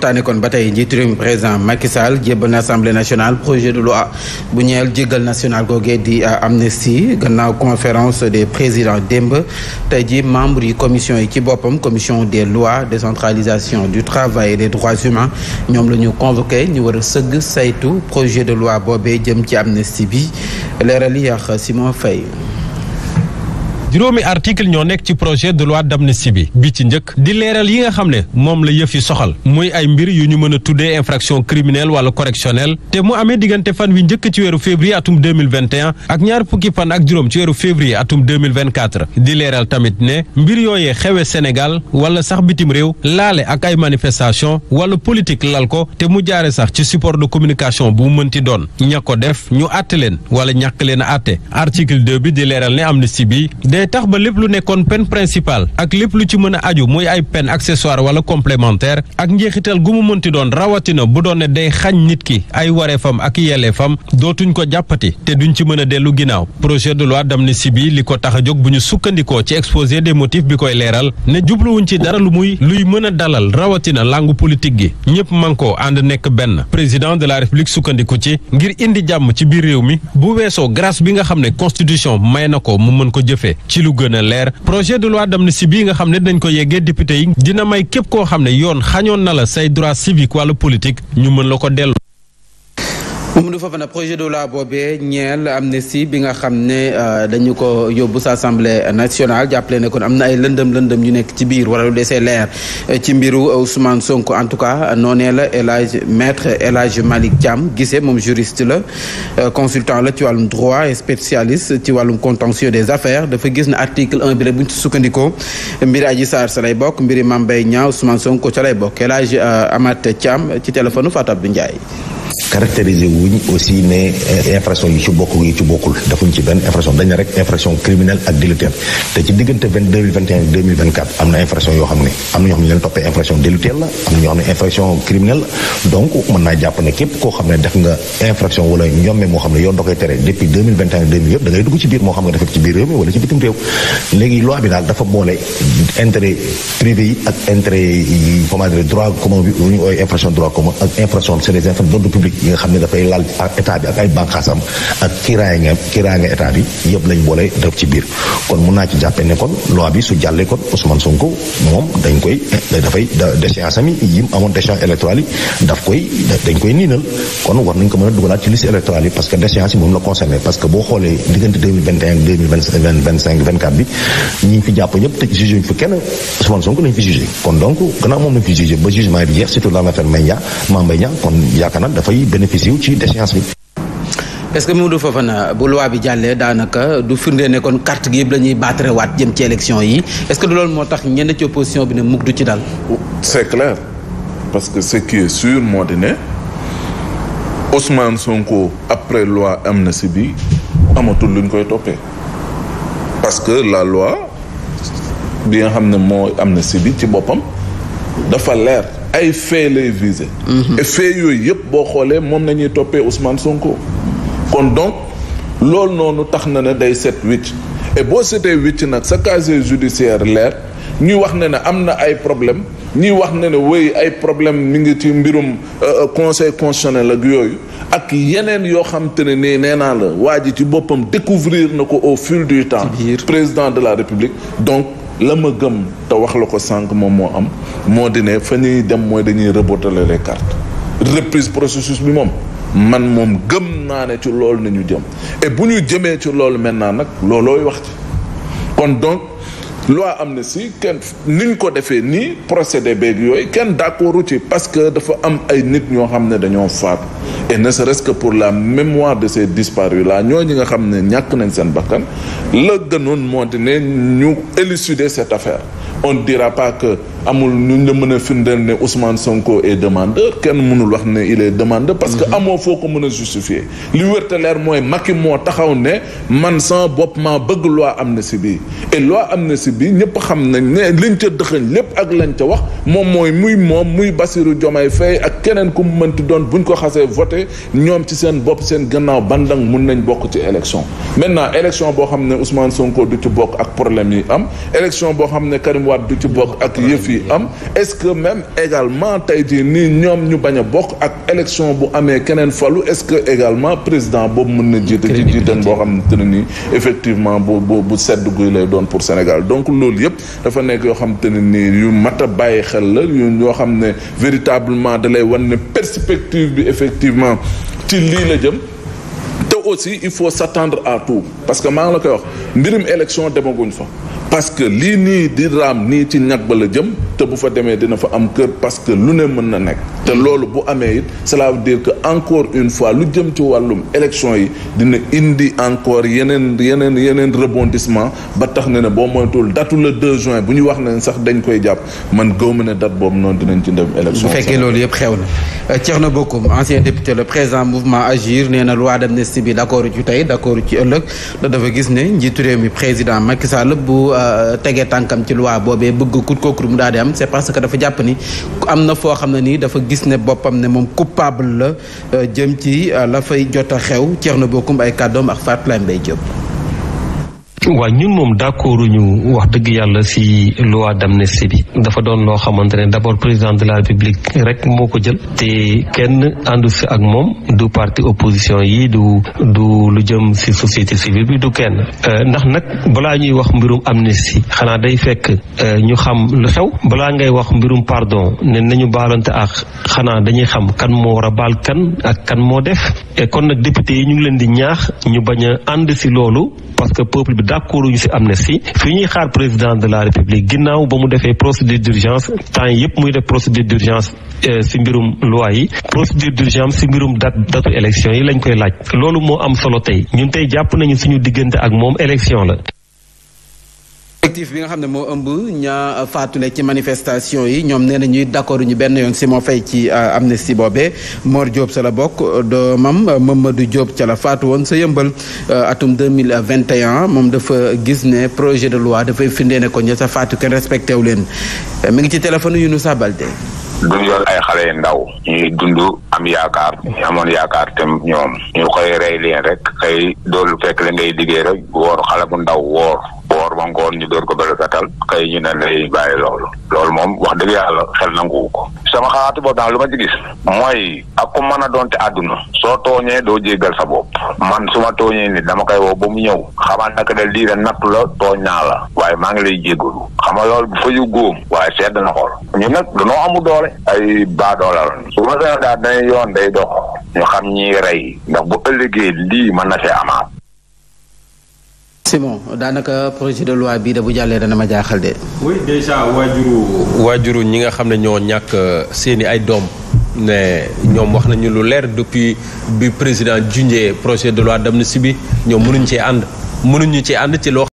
waxtaanee kon ba tey njiitu réew mi président Macky Sall jébbal assemblée nationale projet de loi bu ñeel jéggal national googee di euh, amnistie gannaaw conférence des présidents démb tey ji membres yi commission yi ci boppam commission des lois décentralisation du travail des droits humains ñoom la ñu convoqué ñu war a sëgg saytu projet de loi boobee jëm ci amnistie bi leeral yi ak Simon Faye juróomi article ñoo nekk ci projet de loi d'amnistie bi bi ci njëkk di leeral yi nga xam ne moom la yëf yi soxal muy ay mbir yu ñu mën a tuddee infraction criminelle wala correctionnelle te mu amee diggante fan wi njëkk ci weeru février atum 2021 ak ñaar fukki fan ak juróom ci weeru février atum 2024 di leeral tamit ne mbir yooyee xewe Sénégal wala sax bitim réew laale ak ay manifestation wala politique lal ko te mu jaare sax ci support de communication bu mënti doon ña ko def ñu àtte leen wala ñàkk leen a àtte article bi di leeral ne amnistie bi day eh, tax ba lépp lu nekkoon peine principal ak lépp lu ci mën a aju muy ay peine accessoire wala complémentaire ak njeexital gu mu mënti doon rawatina bu doon ne day xañ nit ki ay waree wareefam ak yelleefam dootuñ ko jàppati te duñu ci mën a dellu ginnaaw projet de loi d'amnistie bi li ko tax a jóg bu ñu sukkandikoo ci exposé des motifs bi koy leeral ne jubluwuñ ci dara lu muy luy mën a dalal rawatina langue politique gi ñëpp mànkoo ànd nekk benn président de la république sukkandiku ci ngir indi jàmm ci biir réew mi bu weesoo grâce bi nga xam ne constitution may na ko mu mën ko jëfee ci lu gën a leer projet de loi d'amnistie bii nga xam ne dinañ ko yeggee député yi dina may képp koo xam ne yoon xañoon na la say droit civique wala politique ñu mën la ko dellu Mamadou Fofana projet de loi boobee ñeel amnistie bi nga xam ne euh, dañu ko yóbbu sa assemblée nationale jàppale ne kon am na ay lëndëm lëndëm ñu nekk ci biir wala lu desee leer euh, ci mbiru Ousmane sonk en tout cas noonee la El Hadj maître El Hadj gisee moom juriste la euh, consultant la ci wàllum droit et spécialiste ci wàllum contentieux des affaires dafa gis ne article 1 bi rek bu ci sukkandikoo mbiri Adji Sarr sa lay bokk mbiri Mame Mbaye Niang Ousmane Sonko ca lay bokk El Hadj Amath Thiam ci téléphone Fatou Abdou Ndiaye caractériser wuñ aussi ne infraction yi ci bokk yi ci bokkul defuñ ci benn infraction dañ ne rek infraction criminelle ak délictuelle te ci diggante am na infraction yoo xam ne am na ñoo xam ne toppee infraction délictuelle la am ñoo xam ne infraction criminelle donc mën naa jàpp képp koo xam ne def nga infraction wala ñomme moo xam ne yoon da tere depuis yëpp da dugg ci biir moo xam nga defek ci biir réew mi wala ci bitim réew léegi loi bi publique yi nga xam ne dafay lal état bi ak ay bànqaasam ak kiiraay nga kiiraay nga état bi yëpp lañ boole def ci biir kon mun naa ci jàppe ne kon loi bi su jàllee kon Ousmane Sonko moom nañ fi jàpp ba jugement bi jeex surtout dans l'affaire Mbaye Niang Mame Mbaye Niang kon yaakaar naa dafay bi bénéficié wu ci déchéance bi. est-ce que Modou bu loi bi jàllee daanaka du firnde ne kon carte gi yëpp la ñuy waat jëm ci élection yi est que du loolu moo tax ñenn ci opposition bi ne mukk du ci dal. c'est clair parce que ce qui est sûr moo di ne Ousmane Sonko après loi amnistie bi amatul luñ koy toppee parce que la loi bi nga xam ne moo na bi ci boppam dafa leer. ay faits lay visé. Mhm. et faits yooyu yëpp boo xoolee moom la ñuy toppee Ousmane Sonko. kon donc loolu noonu tax na ne day set wicc et boo setee wicc nag sa casier judiciaire leer ñuy wax na ne am na ay problème ñuy wax na ne wéy ay problème mi ngi ci mbirum euh, euh, conseil constitutionnel lag yooyu ak yeneen yoo xam te ne nee naa la waa ji ci boppam découvrir na ko au fil du temps président de la république donc la ma gëm te wax la ko sànq moom moo am moo di ne fa ñuy dem mooy dañuy rebotale les cartes reprise processus bi moom man moom gëm naa ne ci loolu nañu jëm et bu ñu jëmee ci loolu maintenant nag loolooy wax ci kon donc loi amnistie kenn niñ ko defee nii procédé beeg yooyu kenn d'accordu ci parce que dafa am ay nit ñoo xam ne dañoo faatu et ne serait-ce que pour la mémoire de ces disparus là ñooñu nga xam ne ñàkk nañ seen bakkan la gënoon moo di ne ñu élucider cette affaire on dira pas que amul nu ñu la mën a firndeel ne Ousmane Sonko est demandeur kenn mënul wax ne il est demandeur. parce que mhm. amoo foo ko mën a justifier. li wér te leer mooy Macky moo taxaw ne man sama bopp maa bëgg loi amnistie bi am na amnistie bi ñëpp xam nañ ne lañ ca dëxëñ lépp ak lañ ca wax moom mooy muy moom muy Bassirou Diomaye Faye ak keneen ku mu mënti doon buñ ko xasee voté ñoom ci seen bopp seen gannaaw bandang mun nañ bokk ci élection. maintenant élection boo xam ne Ousmane Sonko du ci bokk ak problème yi am élection boo xam ne Karim Wade du ci bokk ak yëf yi am est-ce que même également tey jii nii ñoom ñu bañ a bokk ak élection bu amee keneen falu est-ce que également président boobu mën na jiite ci jiitan boo xam te ne nii effectivement bu bu bu sedd guy lay doon pour Sénégal donc loolu yëpp dafa nekk yoo xam te ne nii yu mat a bàyyi xel la yu yoo xam ne véritablement da lay wan ne perspective bi effectivement ci lii la jëm aussi il faut s'attendre à tout parce que maa ngi la koy wax mbirum élection demaguñ fa parce que lii nii di raam nii ci ñag ba la jëm te bu fa demee dina fa am kër parce que lu ne mën na nekk te loolu bu amee it cela veut dire que encore une fois lu jëm ci wàllum élection yi dina indi encore yeneen yeneen yeneen rebondissement ba tax na ne boo moytuwul datu le 2 juin bu ñu wax ne sax dañ koy jàpp man gëw ma ne date boobu noonu dinañ ci dem élection bu fekkee loolu yëpp xew na na euh, Thierno Bocoum ancien député le président mouvement Agir nee na loi d'amnistie bi d'accord ci tey d'accord ci ëllëg da gis ne njiitu réew mi président Macky Sall bu euh, tege tànkam ci luwaa boobee bëgg kut kookur mu daal di am c'est parce que dafa jàpp ni am na foo xam ne nii dafa gis ne boppam ne moom coupable la euh, jëm ci euh, la fay jot a xew Thierno Bocoum ay kàddoom ak Fatou Laye Mbaye Diop waaw ñun moom d'accord ñu wax dëgg yàlla ci loi d'amnistie bi dafa doon loo xamante ne d'abord président de la république rek moo ko jël te kenn àndu si ak moom du parti opposition yi du du lu jëm ci société civile bi du kenn euh, ndax nag balaa ñuy wax mbirum amnistie xanaa day fekk euh, ñu xam lu xew balaa ngay wax mbirum pardon ne nañu baalante ak xanaa dañuy xam kan moo war a baal kan ak kan moo def kon député yi ñu leen di ñaax ñu bañ a ànd ci loolu d'accord ñu si amnistie fi ñuy xaar président de la république ginnaaw ba mu defee procédure d'urgence temps yëpp muy def procédure d'urgence si euh, mbirum loi yi procédure d'urgence si mbirum date datu élection yi lañ koy laaj loolu moo am solo tey ñun tey jàpp nañu suñu diggante ak moom élection la collectif bi nga xam ne moo ëmb ñaa faatule ci manifestation yi ñoom nee na ñuy d'accord ñu benn yoon si moo fay ci euh, amnistie boobee Mor Diop sa la bokk doomam Mamadou Diop ca la faatu woon sa yëmbal euh, atum 2021 moom dafa gis ne projet de loi dafay firndee ne ko ña sa faatu kenn respecté wu leen euh, mi ngi ci téléphone yu nu sabalde duñ yor am yaakaar ñu amoon yaakaar te ñoom ñu koy rey leen rek woor xale ndaw woor ba ngoon ñu door ko bëri fetal xëy ñu ne lay bàyyi loolu loolu moom wax dëgg yàlla xel nanguwu ko sama xalaatu bopp daal lu ma ci gis mooy ak ku mën a doonte àdduna soo tooñee doo jéggal sa bopp man suma ma tooñee ni dama koy woo ba mu ñëw xamal naka de lii na nattu la tooñ naa la waaye maa ngi lay jéggalu xam nga loolu bu fa yu góom waaye sedd na xool ñu nag danoo amul doole ay baadoola la su ma seen daal dañuy yoon day dox ñu xam ñiy rey ndax bu ëllëgee lii mën na fee amaat Simon daanaka projet de loi bii de bu jàllee dana ma jaaxal de. oui déjà waajuru waajuru ñi nga xam ne ñoo ñàkk euh, seeni ay doom. ne ñoom wax nañu lu leer depuis bi président junjee projet de loi d'amnistie bi ñoom mënuñ cee ànd mënuñu ci ànd ci loo